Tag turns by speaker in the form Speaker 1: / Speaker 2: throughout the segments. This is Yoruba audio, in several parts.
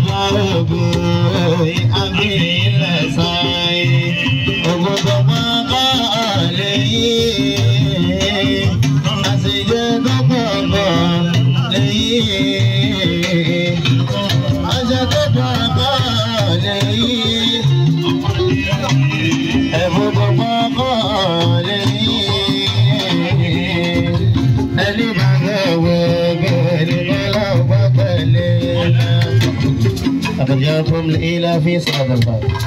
Speaker 1: ìdáwògbò àbílẹ̀ sáyé ògbódò pọ́n kọ́ lẹ́yìn. الإله في صلاة الفجر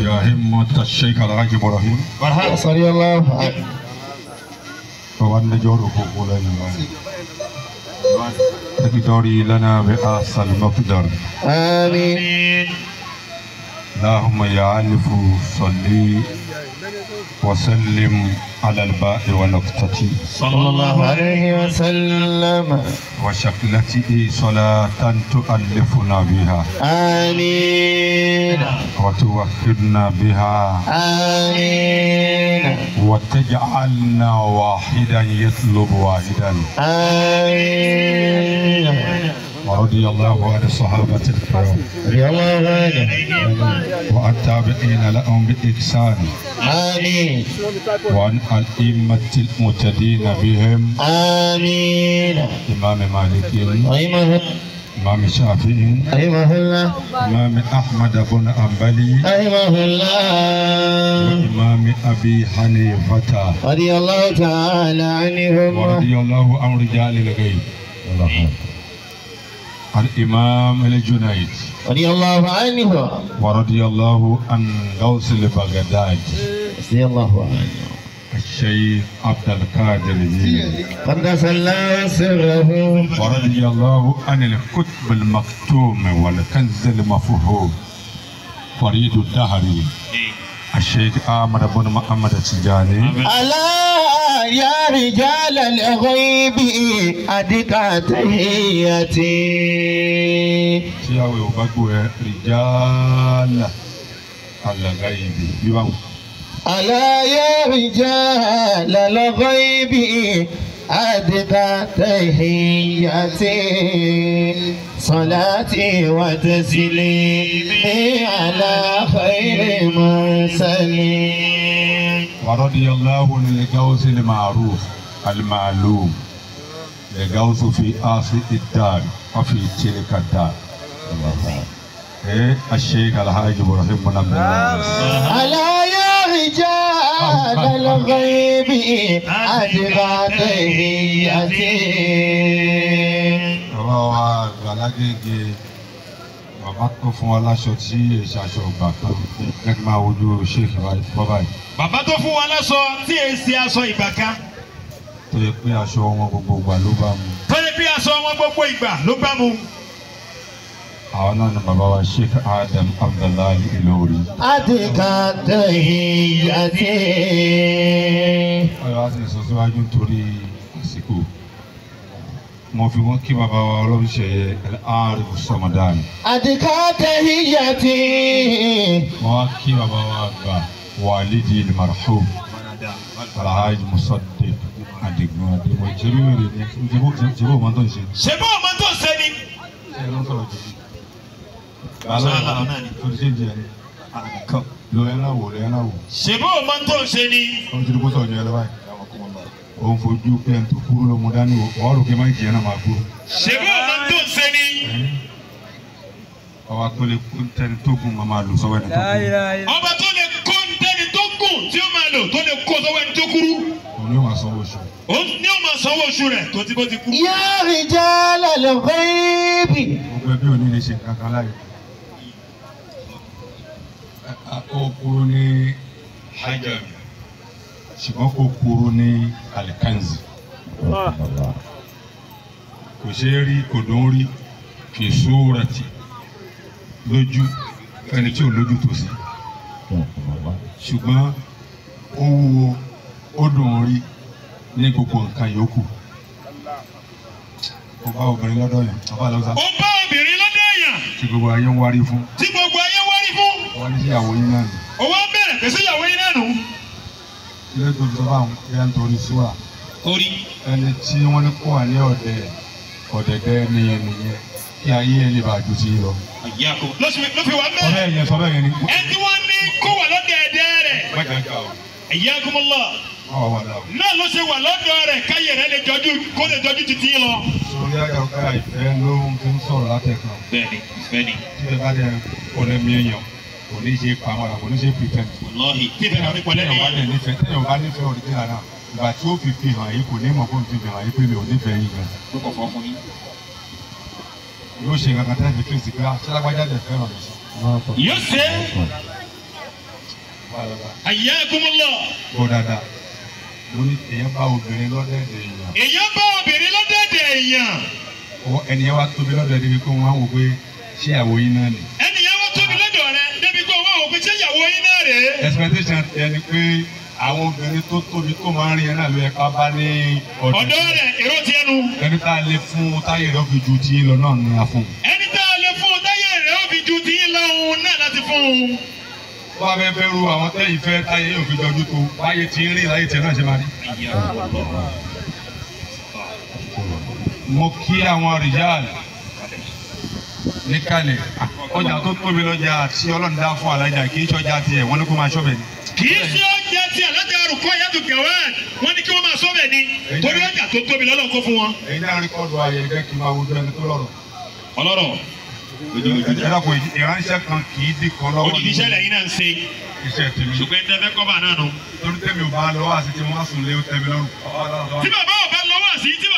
Speaker 1: إبراهيم موت الشيخ الحاج إبراهيم مرحبا صلي الله فوان نجور فوقنا تكتوري لنا بأس المقدر آمين اللهم يعلف صلي وسلم على الباء ونكتة صلى الله عليه وسلم وشكلته صلاة تؤلفنا بها آمين وتوفرنا بها آمين وتجعلنا واحدا يطلب واحدا آمين رضي الله عن الصحابة الكرام رواه وعن تابعين لهم بإحسان آمين وعن الأئمة المتدين بهم آمين إمام مالك رحمه إمام الشافعي رحمه الله إمام أحمد بن أنبلي رحمه الله وإمام أبي حنيفة رضي الله تعالى عنهم ورضي الله عن رجال الغيب الله أكبر الإمام الجنيد رضي الله عنه ورضي الله عن غوث البغداد رضي الله عنه الشيخ عبد القادر قد قدس الله سره ورضي الله عن الكتب المكتوم والكنز المفهوم فريد الدهري إيه. الشيخ أحمد بن محمد التجاني ألا يا رجال الغيب أدك تحياتي يا ويوبكو رجال الغيب يبقى ألا يا رجال الغيب أدك تحياتي صلاتي وتسليمي على خير مرسلين ورضي الله عن المعروف المعلوم الجوز في آصل الدار وفي تلك الدار إيه، الشيخ الحاج ابراهيم بن عبد الله الا يا رجال الغيب ادغى هي رواه alágége bàbá tó fún wa láṣọ tí èsì aṣọ ìgbà kan jẹ́ máa wojú sheikh bọ́ bàbá tó fún wa láṣọ tí èsì aṣọ ìgbà kan. tó yẹ pé aṣọ wọn gbogbo ìgbà ló bá mu. tó yẹ pé aṣọ wọn gbogbo ìgbà ló bá mu. àwọn náà ni bàbá wa sheikh adam abdullahi Ìlọrin. adìgá tẹ̀yìn àti. ọ̀rọ̀ àti ìsọsíwájú torí àsìkò mo fi wọn kí baba wa Olúwaṣeyẹ ari sọmọdánù. àdìkà tẹ̀híyàtì. mo wá kí baba wa gba wàlídì marhum alhaji musaddiq adigun adigun jẹbi wẹrẹ ni jẹbi o ma tó jẹbi o ma tó ni. ṣe ló ń sọ̀rọ̀ lọ yàrá wò lọ yàrá wò. jẹbi o ma tó ni. o ti di kó sọ̀rọ̀ jẹ o fojú fẹn tó kúrò ló mu dání o ọ̀rọ̀ kí n má jẹ́ náà má kúrò. sèkó ma tó sẹ́ni. ọba tó lè kó ntẹni tó kù ma máa lò sọ́wọ́ ẹni tó kù. ọba tó lè kó ntẹni tó kù tí ó máa lò tó lè kó sọ́wọ́ ẹni tó kúrú. o ní o ma sanwó oṣù. o ní o ma sanwó oṣù rẹ tó ti bó ti kú. yóò rí jálẹ̀ lọ bẹ́ẹ̀bì. gbogbo ẹbí ò ní lè ṣe kankan láyé. ó kúrò hajj ṣùgbọ́n kò kúrú ní alikanzi ah. kò ṣe é rí kò dùn rí kì í sóra tì lójú ẹni tí ò lójú tó sí ṣùgbọ́n ó wúwo ó dùn rí ní gbogbo nǹkan yòókù ó bá obìnrin lọ́dọ̀ yẹn ó bá lọ́sà. ó bá obìnrin lọ́dọ̀ yẹn. tí gbogbo ayé ń wárí fún. tí gbogbo ayé ń wárí fún. wọ́n ní sí ìyàwó yín náà nù. òun á bẹ̀rẹ̀ pèsè ìyàwó yín náà nù ilé tó sọ fáwọn ìyá ń torí sí wa. orí. ẹni tí wọ́n ní kó wà ní ọ̀dẹ ọ̀dẹ̀dẹ̀ nìyẹn nìyẹn kí ayé ẹ lè bàa ju ti lọ. ìyá kò ló fi wà mẹ́rin. ọ̀rẹ́ yẹn sọ bẹ́ẹ̀ yẹn ni. ẹ ti wọ́n ní kó wà lọ́dẹ̀ ẹ̀dẹ́ rẹ̀. bàjẹ́ àjà o. ìyá náà ló ṣe wà lọ́dọ̀ rẹ̀ káyé rẹ̀ lè jọjú kó lè jọjú ti lọ. sori ayọ̀ ká ìfẹ́ ló ń sọ̀rọ̀ látẹ̀kọ̀. bẹ́ẹ̀ni bẹ́ẹ̀ni. tí ẹ bá dẹ ọ̀lẹ́mí kò ní ṣe pamọ́ra kò ní ṣe pretend. lọ́ọ̀hì tí ìfẹ́ náà nípa lẹ́yìn. tẹ́yọ̀ bá nífẹ̀ẹ́ tẹ́yọ̀ bá nífẹ̀ẹ́ original náà ìgbà tí ó fi fi hàn yìí kò ní mọ̀ fún mi fi hàn yìí pé mi ò nífẹ̀ẹ́ yìí gan. yóò ṣe nǹkan kan tẹ́lẹ̀ fi kíyèsí pé ah, èèyàn bá obìnrin lọ́dẹ̀ẹ̀dẹ̀ èèyàn. èèyàn bá obìnrin lọ́dẹ̀ẹ̀dẹ̀ èèyàn. ẹni yẹn wá tóbi lọ́dọ̀ ẹni kó wọn á wò pé ṣé àwòyí náà nìyí pé ṣé ìyàwó yín náà rèé. expectation ti ẹni pé àwọn obìnrin tó tóbi tó máa ń rí ẹnà ló yẹ ká bá ní ọdún. ọ̀dọ́ rẹ̀ èrò ti ẹnu. ẹni tá a lè fún táyé rẹ̀ ó fi ju ti lọ náà ni a fún. ẹni tá a lè fún táyé rẹ̀ ó fi ju ti lọ náà láti fún un. wọ́n á fẹ́ fẹ́ ru àwọn tẹ́yìn fẹ́ táyé yóò fi jọjú tó báyé ti ń rí láyé tiẹ̀ náà ṣe máa rí mo kí àwọn rìjáàlì níkàlẹ̀ ọjà tó tóbi lọ́jà tí ọlọ́run dá fún alájà kì í ṣọjà tiẹ̀ wọ́n ní kó máa ṣọ́bẹ̀ ni. kì í ṣe ọjà tiẹ̀ lọ́jà àrùkọ́ yàtọ̀ kẹwẹ́ wọ́n ní kí wọ́n máa ṣọ́bẹ̀ ni torí ọjà tó tóbi lọ́lọ́run kó fún wọn. èyí náà rí kọ́ọ̀dù ayẹyẹ jẹ́ kí n máa wojú ẹni tó lọ́rọ̀. ọlọ́rọ̀ ìdàpọ̀ ìránṣẹ́ kan kì í dín kan lọ́wọ́. odidi iṣẹ́ lẹ́yìn náà ń ṣe. iṣẹ́ tèmi. ṣùgbọ́n tẹ́fẹ́ kọ́ bá náà nù. torí tèmi ò bá lọ́wọ́ àti tí wọ́n á sùn lé tèmi lọ́rùn. tí bàbá ò bá lọ́wọ́ àti tí b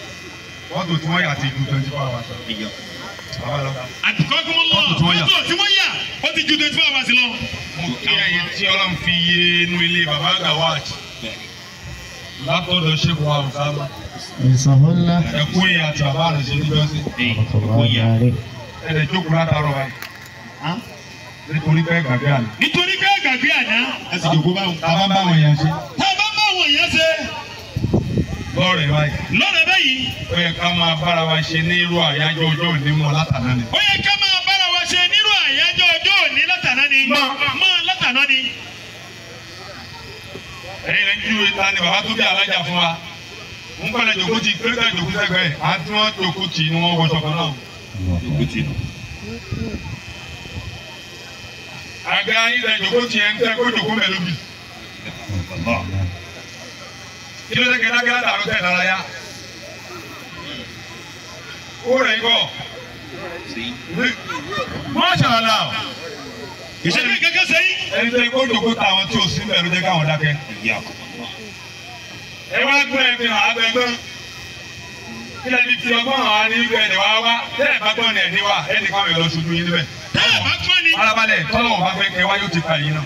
Speaker 1: mọ́tò tí wọ́n yà ti ju twenty four hours lọ. àtìkọ́ kí wọ́n lọ mọ́tò tí wọ́n yà ó ti ju twenty four hours lọ. mo kí ẹyẹ tí ọlọ́run fi yé inú ilé baba Gawat látọ̀dọ̀ ṣẹ́kù wa ọ̀sámá. ìsàmú ńlá. ẹ̀kú yìí àti bàbá rẹ̀ ṣe níjọ́ sí. ẹ̀kú yìí. ẹ̀rẹ̀ jókòó látàrọ̀ wa yìí. nítorí pé gbàgbé àná. nítorí pé gbàgbé àná. a a bá báwọn yẹn a bá báwọn yẹn lọ́rẹ̀ báyìí. lọ́rẹ̀ báyìí. ó yẹ ká máa bára wa ṣe ní irú àyájọ́ ọjọ́ òní mọ́ látàná ni. ó yẹ ká máa bára wa ṣe ní irú àyájọ́ ọjọ́ òní látàná ni. mọ́ mọ́ látàná ni. ẹ̀yin lẹ́yìn ju ìta ni bàbá tó bí alájà fún wa. ń kọ́lẹ̀ jòkútì pẹ́ẹ́tà jòkútì ẹgbẹ́ àti wọ́n jòkútì ni wọ́n wọṣọ kan náà. jòkútì nù. àga ilẹ̀ jòkútì ẹ̀ ń tẹ́ kó jòkó mẹ́lóbi kí ló dé gẹ́dágẹ́dá tààrọ́ tẹ̀ lára yá ó rẹ̀ yín bọ̀ mọ́ṣálá ìṣèlú kẹ́kẹ́ sẹ́yìn. ẹni tó kó dòkó ta àwọn tí o sí bẹ̀rù jẹ́ káwọn dákẹ́. ẹ wá gbọ́ ẹ fi hàn abẹ́gbọ́n kílẹ̀ ní fi ọgbọ́n hàn á ní ibẹ̀ ẹ̀ wá wá tẹ́ ẹ̀ bá gbọ́n ní ẹ̀ ní wa ẹ̀ ní káwọn ẹ̀ lọ ṣojú yín níbẹ̀. tẹ́ ẹ̀ bá gbọ́n ní. alábàlẹ̀ tọ́lọ̀ wọn bá fẹ́ kẹ́ wáyé ó ti kà yín náà.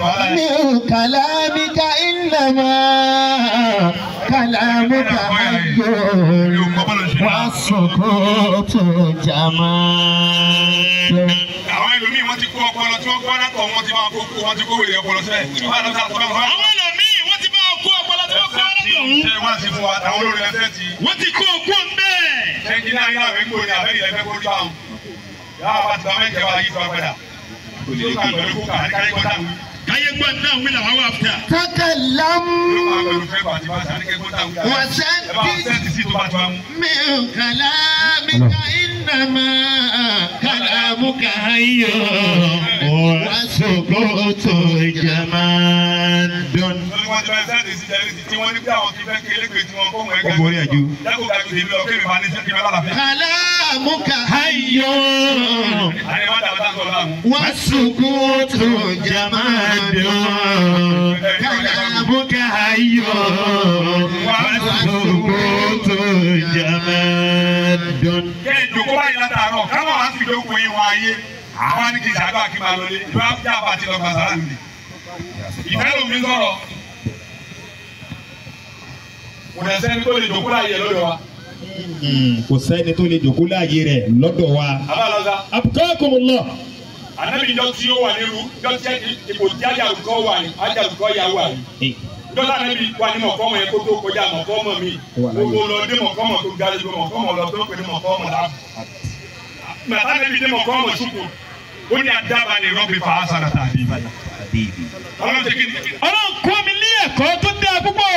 Speaker 1: من كلامك إنما كلامك حي والسكوت جمال àwọn ẹlòmíì wọ́n ti kó ọpọlọ tí wọ́n kó ọ̀nà kan wọ́n ti máa kó wọ́n ti kó wèrè ọpọlọ sílẹ̀. àwọn ẹlòmíì wọ́n ti máa kó ọpọlọ tí wọ́n kó ọ̀nà kan. ṣé wọ́n ti fún wa àwọn olórí ẹgbẹ́ ti. wọ́n ti kó òkú bẹ́ẹ̀. ṣé jí náà yín àbẹ́kò ni àbẹ́yìn ẹgbẹ́ kó dá wọn. bá ti bá mẹ́jẹ̀ wá yí fún agbada. kò sí ìgbà lọ́dún kó kà á ní káyé kọ́ta káyé gbọ́ ní àwọn ìlànà àwọn àfẹ́ à. kákàlá mú. wàṣẹ́ kí mi kàlá mi kà í. إنما كلامك هي وسكوت جماد كلامك هي وسكوت جماد كلامك هي وسكوت جماد báyìí látàárọ̀ káwọn wá fi dókun yín wọn ayé àwọn ní kí n ṣàgbà kí n máa lọlé ìlú àbújá àbàtì lọ gbàgbà lónìí. ìfẹ́ lómi sọ̀rọ̀ kò dẹ̀ sẹ́ni tó lè dòkú láàyè lọ́dọ̀ wa. Hmm, kò sẹ́ni tó lè dòkú láàyè rẹ̀ lọ́dọ̀ wa. abalọ́dà. abdulkakumulọ. anabi jọ ti yóò wà nírú jọ ti ipò tí ajalukọ wà ní ajalukọ yà wà ní dọ́là níbi wà ní mọ̀kọ́mọ̀ yẹn kó kọjá mọ̀kọ́mọ̀ mi gbogbo lọ dé mọ̀kọ́mọ̀ tó ga gbogbo mọ̀kọ́mọ̀ lọ tó ń pè ní mọ̀kọ́mọ̀ láàbù. màtá níbi dé mọ̀kọ́mọ̀ sùkù ó ní àdábà ní rọ́bì fà á sàràtà àbí ọlọ́run kọ́ mi ní ẹ̀kọ́ tó dáa púpọ̀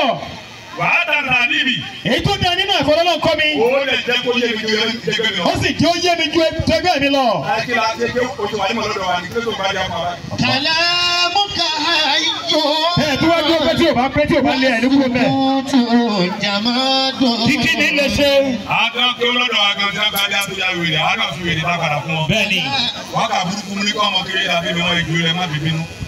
Speaker 1: wàá dànù àní mi. èyí tó da nínú ẹ̀kọ́ lọ́nà kọ́ mi. o lè jẹ́ kó yé mi ju ẹgbẹ́ mi lọ. ó sì jẹ́ ó yé mi ju ẹgbẹ́ mi lọ. àìkíla ṣe pé oṣù wàá ní kàlá mú ká ayò. ẹ tí wọ́n gbọ́ pé tí o bá pé tí o bá lé ẹ̀ nígbò mẹ́. kútu jàmá dùn. kíkí ni lè ṣe. àgàn kí olódò àgàn tí a bá dé àtúnyà wèrè àgàn fi wèrè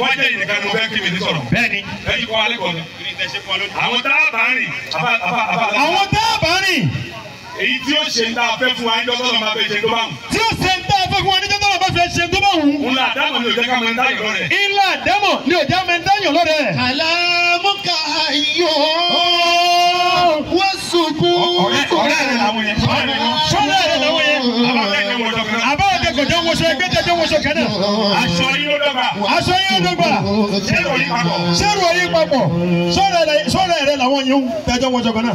Speaker 1: wọ́n jẹ́ ìnìkan mo fẹ́ kí mi ní sọ̀rọ̀. bẹ́ẹ̀ni ẹ̀yin kọ́ alẹ́ kọ́ ni. àwọn tá a bá rìn. àwọn tá a bá rìn èyí tí ó ṣe ń ta fẹ́ fún wa níjọ́ tọ́lọ́ máa fẹ́ ṣe tó bá wù. tí ó ṣe ń ta fẹ́ fún wa níjọ́ tọ́lọ́ máa fẹ́ ṣe tó bá wù. ńlá àdámọ̀ ni ò jẹ́ ká máa ń dáyọ̀ ńlá àdámọ̀ ni ò jẹ́ máa ń lọ́rẹ̀. àlàmúkà ayò wọ́n sunkún. ọ̀rẹ́ rẹ̀ làwọn yẹn. sọ́lá rẹ̀ làwọn yẹn. aṣọ yín ló dọ́gba. aṣọ yín ló dọ́gba. ṣé ìròyìn papọ̀. ṣé ìròyìn papọ̀. sọ́lá rẹ̀ làwọn yẹn ń tẹjọ́ wọṣọ kẹ́nà.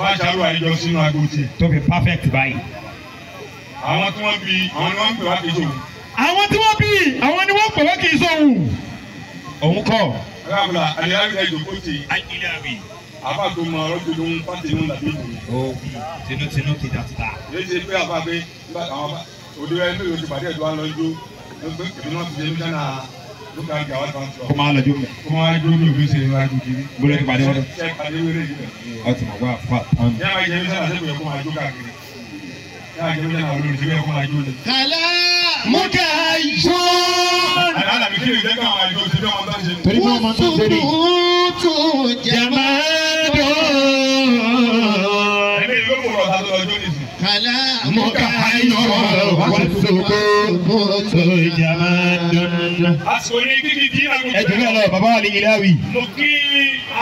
Speaker 1: wọ́n á ṣàrò àìjọ sínú agbo tiẹ̀. to be perfect báyìí. àwọn tí wọ́n bí àwọn ni wọ́n ń pè wá kì í ṣòwò. àwọn tí wọ́n bí àwọn ni wọ́n ń pè wá kì í ṣòwò. òun kọ́. alábùlà àlẹ́lábì náà ìdòkó ti àìkílábì. àbá tó mọ ọ̀rọ̀ tó lóun bá tinú làbí ìbò. ó tinútinú ti dà títà. èyí ṣe pé àbá pé òdiwọ̀ ẹni ló ti pàdé ẹ̀dùn alọ́jọ́ kó máa lọ jókè. kó máa jó ní òfin ṣe iwájú kiri. bólú ti pàdé wọlé. ṣe pàdé mọ̀ wá fà yàrá ìjẹ́ bí sábà sẹ́kọ̀ọ́ kó máa jó káàkiri. yàrá ìjẹ́ bí sábà olórí ti bẹ́ẹ̀ kó máa jó ni. kàlá mú ká jó. àlàlà mi kiri jẹ́ káwọn àjò ti bẹ́ẹ̀ wọn bá ṣe. torí wọn máa tó sórí. tó jàmá dùn. ẹgbẹ́ ẹjọ́ lọ bàbá àlè ìlàwì. mo kí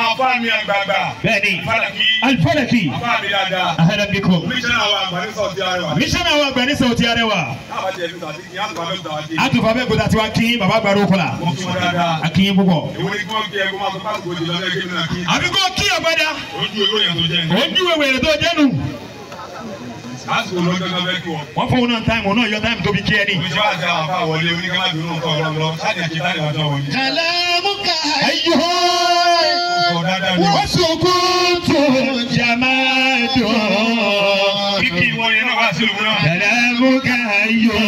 Speaker 1: àfa mi àgbààgbà. bẹ́ẹ̀ni alifalaki. àfa mi dáadáa. ahẹ́nà bí kò. mísánà wa àgbàní sọ̀tì arẹwà. mísánà wa àgbàní sọ̀tì arẹwà. àtùfà bẹ́ẹ̀ gbọdọ̀ àti wa kí bàbá àgbàdo kọ́la. mo kí wọn dáadáa. a kí yín púpọ̀. èwo ni kí wọ́n kí ẹ kó máa sọ fáwọn gbòdì lọ́lẹ́ kí n nà kí. àbíkó kí ọ̀gbádà. ojú ìwé rẹ̀ tó jẹ́ nù lásìkò lọ́jọ́ tó fẹ́ kí wọ́n. wọ́n fún un náà táìmù náà yọ táìmù tóbi kí ẹ ní. ìjọba àti àwọn afa wọlé oníkàmá dùn ún kọ́ ọ̀rọ̀ lọ sáàdì àti táìmù àti àwọn kàlámù ká ayò wọ́n sọ̀kún tó jàmá dùn. kíkì ìwọ yẹn náà wá sí ìlú náà. kàlámù ká ayò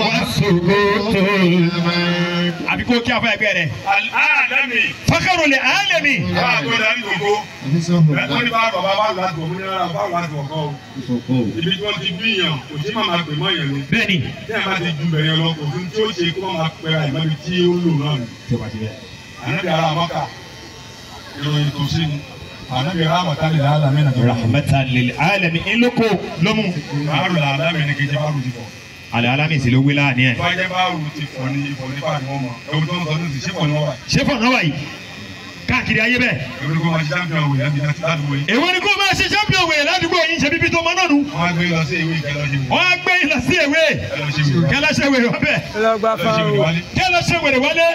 Speaker 1: wọ́n sọ̀kún tó jàmá dùn àbí kó kí afọ ẹgbẹ́ rẹ̀. alami. fakarole alami. àwọn àgbẹ̀dẹ àbí gbogbo. wọ́n ní báwa bàbá wà látọ̀ mú yàrá báwa látọ̀ kọ́ o. ibi tí wọ́n ti bí yàn kò sí màmá pè mọ́ yẹn lọ. bẹ́ẹ̀ni. bí a máa ti ju bẹ̀rẹ̀ lọ kò fún tí ó ṣe kó máa pẹ́ àìmọ́ tí ó lò náà nù. ànábì ara mọ́kà ìròyìn tó sí ni ànábì ara mọ̀tá lè lálàmì náà. rahmatan lil alamin eloko lomu. báwo la alámi ni kejì bá lù alẹ́ alámìsí ló wí láàánú ẹ̀. báyẹ̀ bá rù ti fọ̀ ní ìfọ̀ ni wọ́n mọ̀ ewu tó ń sọ ní sèpọ̀ náà wà. sèpọ̀ náà wà káàkiri ayé bẹ́ẹ̀. èwo ni kò máa ṣe champion wẹ̀ ládùúgbò yìí. èwo ni kò máa ṣe champion wẹ̀ ládùúgbò yìí ṣe bíbí tó mọ náà nù. wọ́n á gbé lọ sí ewé kẹlọ́ṣẹ́wé. wọ́n á gbé lọ sí ewé kẹlọ́ṣẹ́wé wọ́n bẹ̀. kẹlọ́ṣẹ́wé wọ́n bẹ̀. kẹlọ́ṣẹ́wé wọ́n bẹ̀.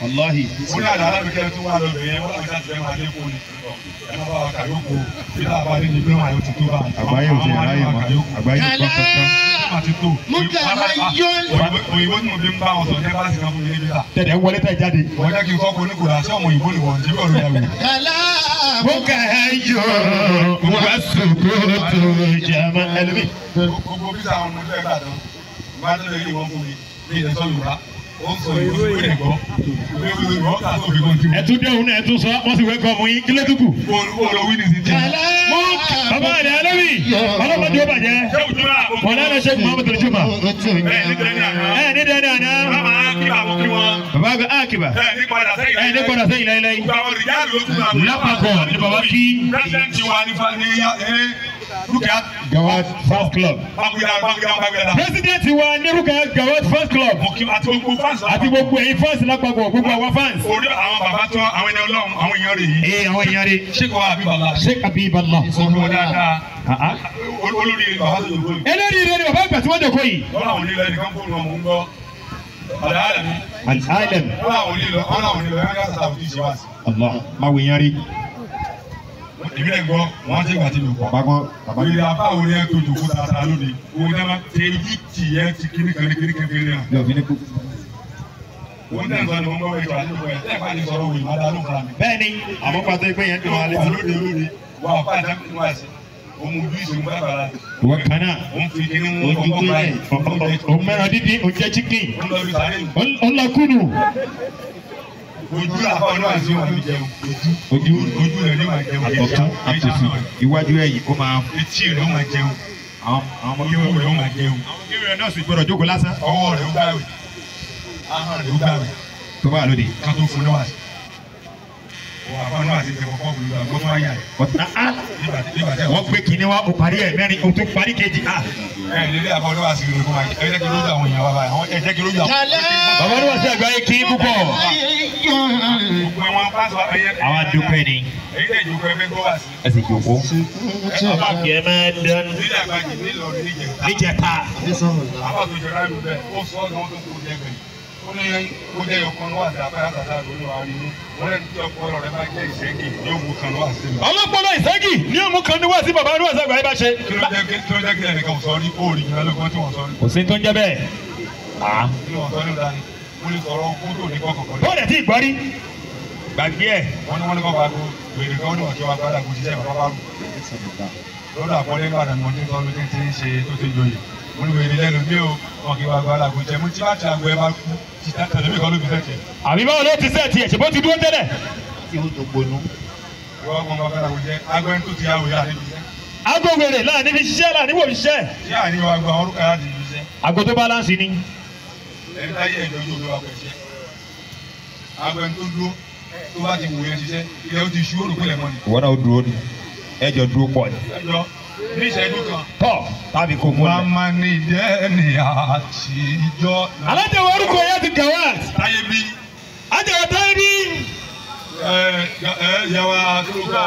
Speaker 1: wàláhì. ó ní àdá alábìkẹ́ tó wà lọ́dọ̀ yẹn wọ́n àbíkẹ́ àtìlẹ́yìn máa dé kó ẹ má bá wa kàdó kó bí tá bá dé ní pé wàá yóò ti tó bá. àgbáyé òjò ráyè mọ àgbáyé òjò kọ́kọ́ mo kàlá yọ. òyìnbó tí mo fi ń bá wọn sọ ní bá sinmi fún mi níbi ta. tẹ̀tẹ̀ wọlé tẹ̀ jáde. wọ́n jẹ́ kí n kọ́ ní kò lásán ọmọ òyìnbó ni wọ́n ti bọ̀ lóya wọ́n sọ ìwé ìwé ẹ̀gbọ́ ẹtú dé òun náà ẹtú sọ wọn sì wẹkọ ọmọ yín kílẹ̀ tukù. olùwí ni sinjẹ. bàbá rẹ̀ alẹ́bí ọlọ́mọdé ó bàjẹ́ kọ̀ọ̀dá lọ ṣe kùmọ̀ mọ̀tò jùmọ̀. ẹ ní dẹ́ni àná. bàbá àgbà àkìbà. ẹ ní padà sẹ́yìn láyé láyé. lápapọ̀ ni bàbá kí. Rukayat Gawat fans club. Bákúyà Bákúyà Bákúyà. President wa ní Rukayat Gawat fans club. Mo kí àti gbogbo fans. Àti gbogbo ẹ̀yin fans lápapọ̀ gbogbo àwọn fans. Orí àwọn bàbá tó àwọn ẹni ọlọ́run àwọn èèyàn rè yìí. Ee àwọn èèyàn rè. Sheikh Habiballah. Sheikh Habiballah. Ìsọ̀rọ̀ dáadáa. Olórí bàbá tó dòkó yìí. Elórí ilé ni bàbá ìgbà tí wọ́n dòkó yìí. Wọ́n àwọn onílẹ̀ nìkan kó wọn mú ń gbọ́. Àlàálẹ̀ mi. Àlàálẹ̀ mi. Wọ́n àwọn onílẹ̀ wọ́n àwọn onílẹ̀ wọ́n yà èmi lè gbọ́ wọ́n ṣe gbàtí mi kọ́. bàbá bàbá yìí bàbá wo ni ẹ tó jòkó tata lónìí wo ni a ṣe yí tì ẹ ti kíní kan ní kíní kan fèrè náà. yóò fi ní kú. wọ́n tẹ̀ sọ ni wọ́n gbọ́ ìjọ àlejò ẹ̀ ẹ̀ bá ní sọ̀rọ̀ òyìnbó adá ló fara mi. bẹ́ẹ̀ni àmọ́ pàtó ẹgbẹ́ yẹn dùn alẹ́. lóde lóde wà á pàdé wá sí òmu ojú ìṣòwò bá bàrà. wọ́n kan náà òun fi kíní mú ọkọ̀ báyìí. òun mẹ́ràn dídí òun jẹ́ chicken. ó lọ kúnnù ojú àkọlù àti wà ní jẹun ojú ojú rẹ ní wàá jẹun àtọ̀tún àtòsí iwájú ẹ̀yìn ó máa etí rẹ ó máa jẹun àwọn ọmọ kéwù rẹ ó máa jẹun àwọn kéwù rẹ náà sì gbọdọ̀ jókòó lásán ọwọ́ rẹ ó gbàwé ahọ́n rẹ ó gbàwé tó bá lóde ká tó fún náà wá sí àfọwọ́nù àti ìjẹ̀kọ̀kọ́ olùdó àgbọ̀nù àyà rẹ̀. ọ̀tá á wọ́n gbé kínní wa o parí ẹ̀ mẹ́rin o tún parí kejì á. ẹ lélẹ́ àfọwọ́nù àti ìjẹ̀kọ̀kọ́ máa ẹ jẹ́ kí lójú àwọn èèyàn wa báyìí àwọn ẹ jẹ́ kí lójú àwọn. bàbá ní wàásù àgbáyé kí púpọ̀. àwọn àdúgbò ni. èyí tẹ̀ jókòó ẹ fẹ́ gbọ́ wá sí. ẹ sì jókòó. ẹ máa dán. níjẹta. àwọn àtòjọ ó ní ó jẹ́ ọkàn ló wà sí afárá tàtà lórí wa ní wọ́n lẹ́nu tí ọpọlọ rẹ bá jẹ́ ìṣẹ́gì ní òmù kan wà sí mi. ọlọ́pọlọ ìṣẹ́gì ní òmù kan ní wà sí bàbá arúgbó àgbà yìí bá ṣe. kí ló jẹ́ kí ló jẹ́ kí ẹnìkan sọ rí òòrì lọ́gbọ́n tí wọ́n sọ kò sí tó ń jẹ́ bẹ́ẹ̀. kí wọ́n sọ ní mo lè sọ̀rọ̀ kótó ní kọ́kọ̀kọ́. bọ́ọ̀dẹ̀ tí ì gbọ́ gbàgbé ẹ. wọ́n ní wọ́n ní kọ́ bá lu wèrè ní wọ́n ti ń àbí báwo ló ti sẹ́ẹ̀tì ẹ̀ ṣùgbọ́n ti dúró tẹ́lẹ̀. ago wèrè láàrin fi ṣiṣẹ́ láàrin wò fi ṣiṣẹ́. ago tó bálánsì ni. ẹni táyé ẹ̀jọ̀ ojú olúwa kò ṣe. ago dúró tó bá ti wò ṣiṣẹ́ ilé ti ṣú òrùkú lẹ̀ ìwọ náà ó dúró ni ẹjọ dúró pọ̀ ni ní tàbí kò múlẹ̀. màmá ni dẹ́ni àtijọ́. alájà wa orúkọ yẹn ti gawat. táyé bí. ajáwó táyé bí. ẹ ẹ yàwá kílókà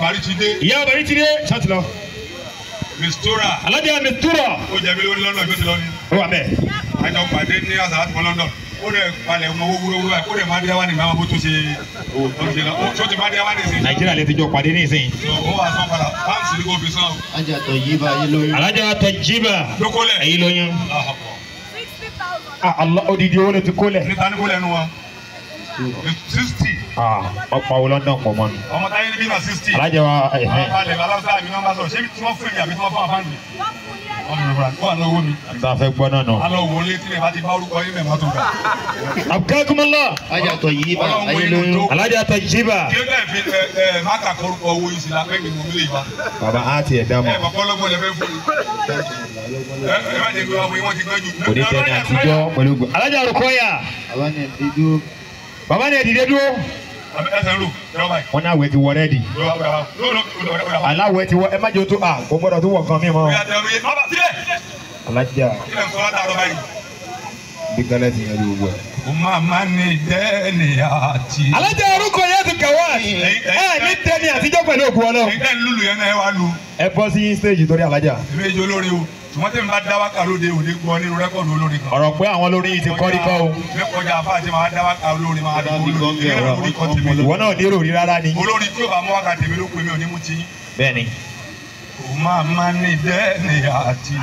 Speaker 1: Baritide. ìyá Baritide ṣáàtì lọ. mistura. alájà mistura. ó jẹ̀bi lórí London ìgbésẹ̀ lọ́ni. ó wà bẹ́ẹ̀. àjọ pàdé ní àṣà àti mọ́ London ó dẹ̀ palẹ̀ ọmọ owó wúrowúro báyìí ó dẹ̀ máa dídáwá ní ìmáàmù tó ṣe tó ṣe lọ tó ti máa dídáwá ní ìsìn. nàìjíríà lè ti jọ pàdé ní ìsìn. ó wà sọ padà báńsì ni kò fi sàn. alájà tọ jíba ayé lóyún. alájà tọ jíba ayé lóyún. Ah, Allah odidi owó ló ti kólẹ̀. níta ní kólẹ̀ nu wa sixty. Ah, ọ̀pọ̀ àwọn london pọ̀ mọ́ mi. ọmọ táyé ní bí na sixty. alájà wa. alájà wa alájà mi náà bá sọ ṣé tí wọ́n fún mi àbí tí wọ́n fún àbá mi wà lọ́wọ́ mi. n t'a fẹ́ gbọ́ náà nọ. alọ wọlé tilẹ̀ bá ti bá olùkọ́ yín mẹ́ma tó ga. a bɛ kɛ kuma la. alajà tɔ yiba ayélujára. alajà tɔ yiba. kéka fi ɛ ɛ má ta kórukɔ wo yin si la bɛ baba a tiɲɛ d'a ma. ɛ bɔlɔbɔ lɛ bɛ fo yen. ɛ ɛ b'a jɛ ko wọn ti gbɛju. o de tɛ baba ni ɛ didi duro wọn ní ti wọ rẹ́ẹ̀dì aláwẹ̀ ti wọ ẹ má jẹ́ o a kò gbọ́dọ̀ tó wọ̀ kan mi mọ́ alájà bí gálẹ́ ti yẹn ló wọ. mo máa ma ní ìdẹ́ ni àti. alájà orúkọ yẹn ti jẹ́ pẹ̀lú òkú ọlọ́run. èyí tẹ́ yẹn náà ẹ wá lu. ẹ bọ́ sí stage torí alájà. ìbí ìjọ olórí o tùmọ̀ tẹ́ mi bá dá wákà lóde òde gbọ́ nínú rẹ́kọ̀dù olórí kan. ọ̀rọ̀ pé àwọn olórí ti kọ́ díkọ́ o. bẹ́ẹ̀ kọjá afá àti máa dá wákà olórí máa dá olórí kan tèmi. ìwọ náà ní ròrí rárá ni. olórí tí ò bá mú wákà tèmi ló pè mí ò ní mú ti. bẹ́ẹ̀ni. kò máa ma ní dẹ́ni àtijọ́.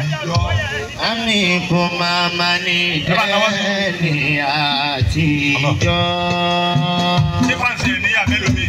Speaker 1: àmì kò máa ma ní dẹ́ni àtijọ́. ṣé ẹ̀ níyà mélòó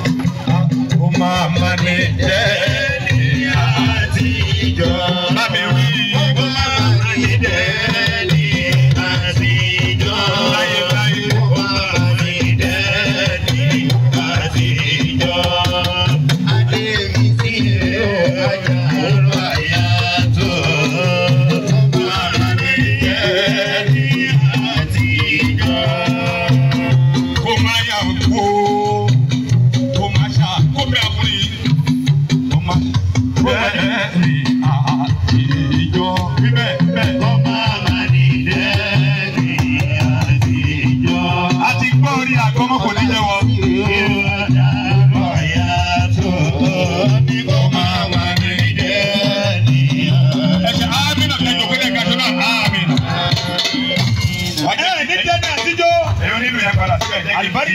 Speaker 1: Maman Jai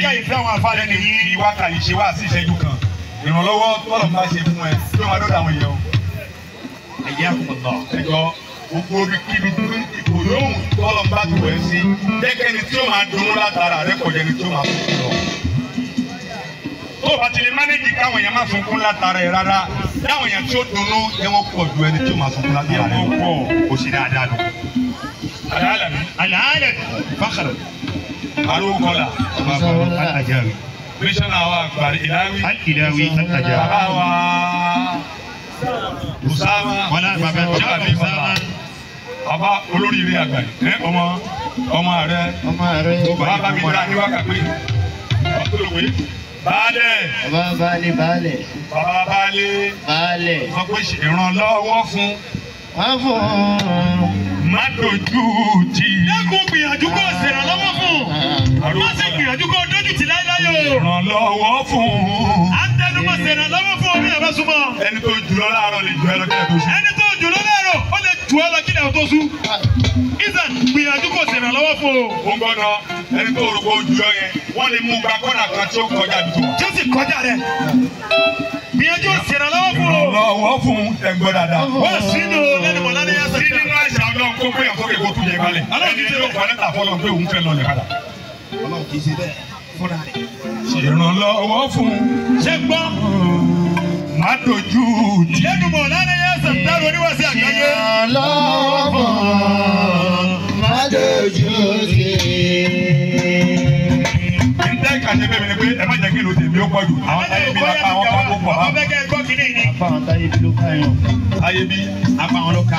Speaker 1: làákàyè fún àwọn afáàlẹ ni yín ìwà kàyè ṣe wá sí ìṣẹ́jú kan ìrànlọ́wọ́ tọ́lọ̀ máa ṣe fún ẹ tí wọ́n máa dọ́ta èèyàn o. àkùnà ẹjọ́ gbogbo orí kíbi ìbò lóhùn tọ́lọ̀ bá tù ẹ́ sí jẹ́kẹ́ni tí ó máa dunnú látara rẹ kọjá ni tí ó máa fún un lọ. tó o bá ti lè mánéjì káwọn èèyàn máa sunkún látara ẹ rárá láwọn èèyàn tí ó dunnú ẹ wọ́n pọ̀ ju ẹni tí ó máa sunkún látara rẹ pọ̀ o sì dáadáa lọ. àlàálẹ̀ àlàálẹ̀ fákàrọ̀ àrùn kọlà bàbá faruk alajawi. mísọ̀nà wa gbàrí ìdáwí. alidawi alajawi. bàbá wa usama. wàlá bàbá jọba usama. bàbá olórí ilé àgbà ẹ ọmọ ọmọ rẹ. ọmọ rẹ bàbá mi dá ní wákàtí. Baálẹ̀. Bàbá baálẹ̀ baálẹ̀. Bàbá baálẹ̀. Baálẹ̀. Sọ pé ìrànlọ́wọ́ fún. Wọ́n fún. Má dojú ti. Lẹ́kùn gbìyànjú kó ṣèrànlọ́wọ́ fún má sì gbìyànjú kó dójú tì ìrànlọ́wọ́ fún un. a ń tẹnumọ́ sí ìrànlọ́wọ́ fún omi ẹ̀rọ súnmọ́. ẹni tó jùlọ láàárọ̀ lè jù ẹ lọ kí ẹ tó sùn. ẹni tó jùlọ láàárọ̀ ó lè jù ẹ lọ kí ẹ tó sùn. isan gbìyànjú kó sì ìrànlọ́wọ́ fún o. ó ń gbọ́dọ̀ ẹni tó rògbò jùlọ yẹn wọ́n lè mú gba kọ́nà kan tí ó kọjá bí tó. kọjá rẹ̀ gbìyànjú ìrànlọ́wọ́ fún o. ìrànlọ́wọ́ fún ẹgbẹ́ dada. wọ́n sínú ọlọ́run kì í ṣe bẹ́ẹ̀ fúnra rẹ̀. ṣèrànlọ́wọ́ fún ṣé gbọ́. má dojú ti. lẹ́dùnmọ̀ lánàá yẹn sàn dárò oníwàsí àgbáyé. ṣèrànlọ́wọ́ fún má dojú ti. ǹjẹ́ ìkàṣe bẹ́ẹ̀ mi ni pé ẹ má jẹ́ kí ìlú tèmi ó pọ̀ jù àwọn táyé bí lápá àwọn kan kó pọ̀ bá. àbáwọn táyé bí ló ká yàn. táyé bí àbáwọn ló ká.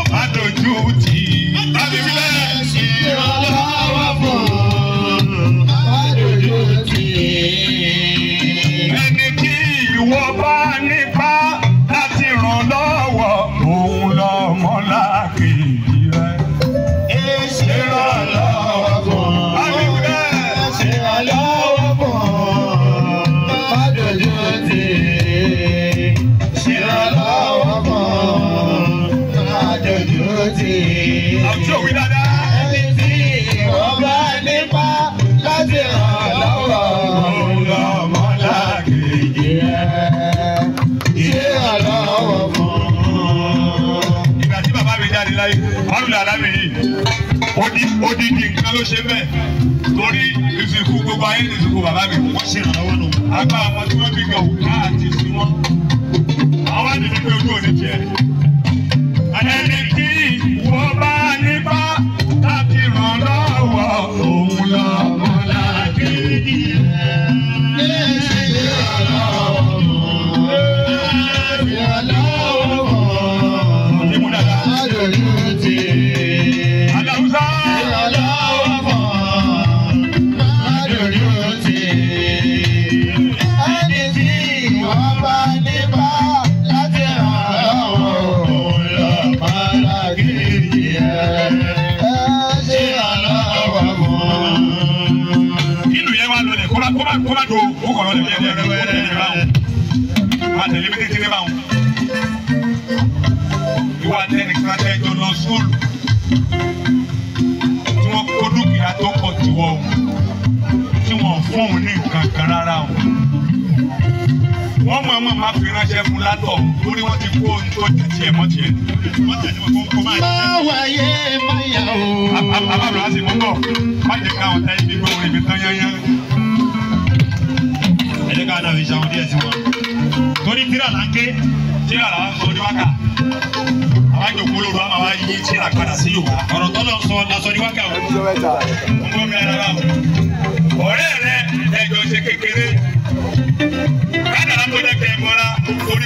Speaker 1: lójú tì í. Láti fi bẹ́ẹ̀ ṣe ìrànlọ́wọ́ fún un, á lójú tì í. Ẹni tí ìwọ bá ní. àbí odidi nǹkan ló ṣe bẹ́ẹ̀ torí ìsìnkú gbogbo ayé ní ìsìnkú bàbá mi. wọ́n ṣe ìrànlọ́wọ́ nù. agbára wọn tí wọ́n bí gbọ̀wù káà ti sí wọn. àwọn àdìrí pé ojú òní tiẹ̀. wọ́n fi ránṣẹ́ fún látọ̀ lórí wọ́n ti kó ohun tó jẹ tiẹ̀ mọ́ tiẹ̀. wọ́n tẹ̀lé wọn kó kó máa yẹ. máa wáyé máa yà o. àbábọ̀ láti mọ́ bọ̀ má jẹ́ ká àwọn táyé gbígbó orin mi tán yányán. ẹ jẹ́ ká náà fi ṣàwọn díẹ̀ sí wọn. torí tíra là ń ké tíra là ń sọ níwáka ọ̀rẹ́ rẹ ẹjọ́ ṣe kékeré.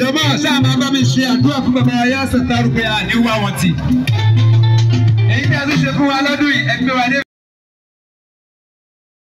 Speaker 1: jọba ṣáà máa bá mi ṣe àdúrà fún bàbá ayá sẹ̀tàrú pé àníwá wọn ti. èyí tí a tún ṣe fún wa lọ́dún yìí ẹgbẹ́ wa dé.